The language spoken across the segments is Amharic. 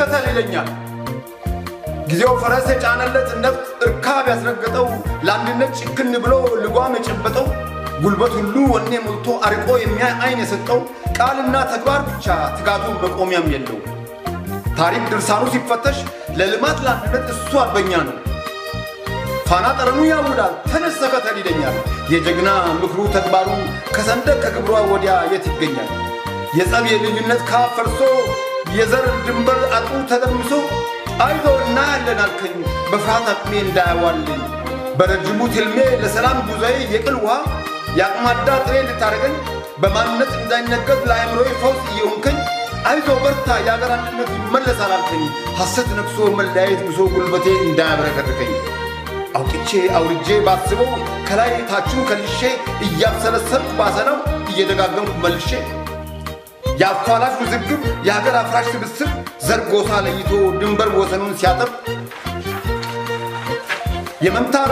ተከተል ይለኛል። ጊዜው ፈረስ የጫነለት ነፍጥ እርካብ ያስረገጠው ለአንድነት ጭክን ብሎ ልጓም የጨበጠው ጉልበት ሁሉ ወኔ ሞልቶ አርቆ የሚያይ አይን የሰጠው ቃልና ተግባር ብቻ ትጋቱ መቆሚያም የለው። ታሪክ ድርሳኑ ሲፈተሽ ለልማት ለአንድነት እሱ አርበኛ ነው። ፋና ጠረኑ ያውዳል ተነስ ተከተል ይለኛል። የጀግና ምክሩ ተግባሩ ከሰንደቅ ከግብሯ ወዲያ የት ይገኛል? የጸብ የልዩነት ካፍ ፈርሶ የዘር ድንበር አጡ ተደምሶ አይዞ እናያለን አልከኝ በፍርሃት አቅሜ እንዳያዋልኝ በረጅሙ ትልሜ ለሰላም ጉዞዬ የቅል ውሃ የአቅማዳ ጥሬ ልታደርገኝ በማንነት እንዳይነገር ለአእምሮዬ ፈውስ እየሆንከኝ አይዞ በርታ የአገር አንድነት ይመለሳል አልከኝ ሐሰት ነግሶ መለያየት ብሶ ጉልበቴ እንዳያብረከርከኝ አውጥቼ አውርጄ ባስበው ከላይ ታችሁ ከልሼ እያብሰለሰልኩ ባሰናው እየደጋገምኩ መልሼ የአፋላሽ ውዝግብ የሀገር አፍራሽ ስብስብ ዘር ጎሳ ለይቶ ድንበር ወሰኑን ሲያጠብ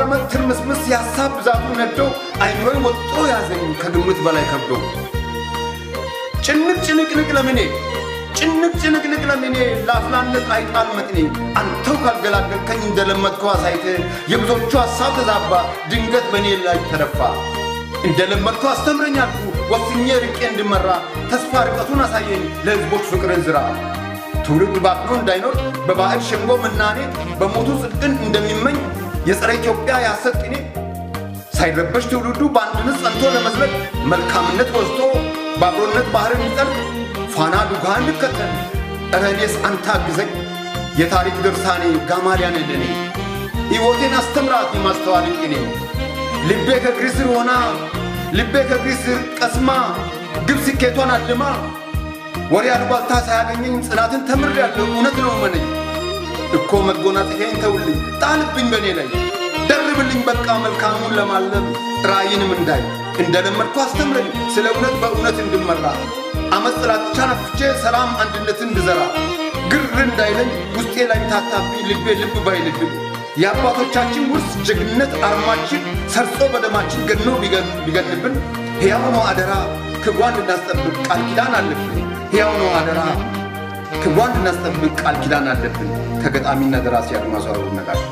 ረመት ትርምስምስ የሀሳብ ብዛቱ ነዶ አይምሮይ ወጥጦ ያዘኝ ከግምት በላይ ከብዶ ጭንቅ ጭንቅንቅ ለምኔ ጭንቅ ጭንቅንቅ ለምኔ ለአፍላነት አይጣል መጥኔ አንተው ካገላገልከኝ እንደለመጥከው አሳይት የብዞቹ ሀሳብ ተዛባ ድንገት በእኔ ላይ ተደፋ እንደለመድከው አስተምረኛልኩ ወፍኜ ርቄ እንድመራ ተስፋ ርቀቱን አሳየኝ፣ ለህዝቦች ፍቅርን ዝራ። ትውልድ ባክኖ እንዳይኖር በባህል ሸንጎ ምናኔ በሞቱ ጽድቅን እንደሚመኝ የጸረ ኢትዮጵያ ያሰጥ ኔ ሳይረበሽ ትውልዱ በአንድነት ጸንቶ ለመዝለቅ መልካምነት ወስቶ፣ በአብሮነት ባህር የሚጠልቅ ፋና ዱጋን እንከተል። እረኔስ አንተ አግዘኝ። የታሪክ ድርሳኔ ጋማሊያን እንደኔ ሕይወቴን አስተምራት የማስተዋል ቅኔ ልቤ ከግሪስር ሆና ልቤ ከግሪስር ቀስማ ግብፅ ስኬቷን አድማ ወሬ አሉባልታ ሳያገኘኝ ጽናትን ተምሬያለሁ። እውነት ነው መነኝ እኮ መጎናጸፊያዬን ተውልኝ፣ ጣልብኝ በእኔ ላይ ደርብልኝ፣ በቃ መልካሙን ለማለም ራእይንም እንዳይ እንደለመድኩ አስተምረኝ፣ ስለ እውነት በእውነት እንድመራ አመፅ ጥላቻን አጥፍቼ ሰላም አንድነትን እንድዘራ ግር እንዳይለኝ ውስጤ ላይ ታታፊ ልቤ ልብ ባይልብ የአባቶቻችን ውርስ ጀግነት አርማችን ሰርጾ በደማችን ገኖ ቢገድብን ሕያው ነው አደራ ክብሯን ልናስጠብቅ ቃል ኪዳን አለብን። ሕያው ነው አደራ ክብሯን ልናስጠብቅ ቃል ኪዳን አለብን። ከገጣሚና ደራሲ አድማሱ አራሩ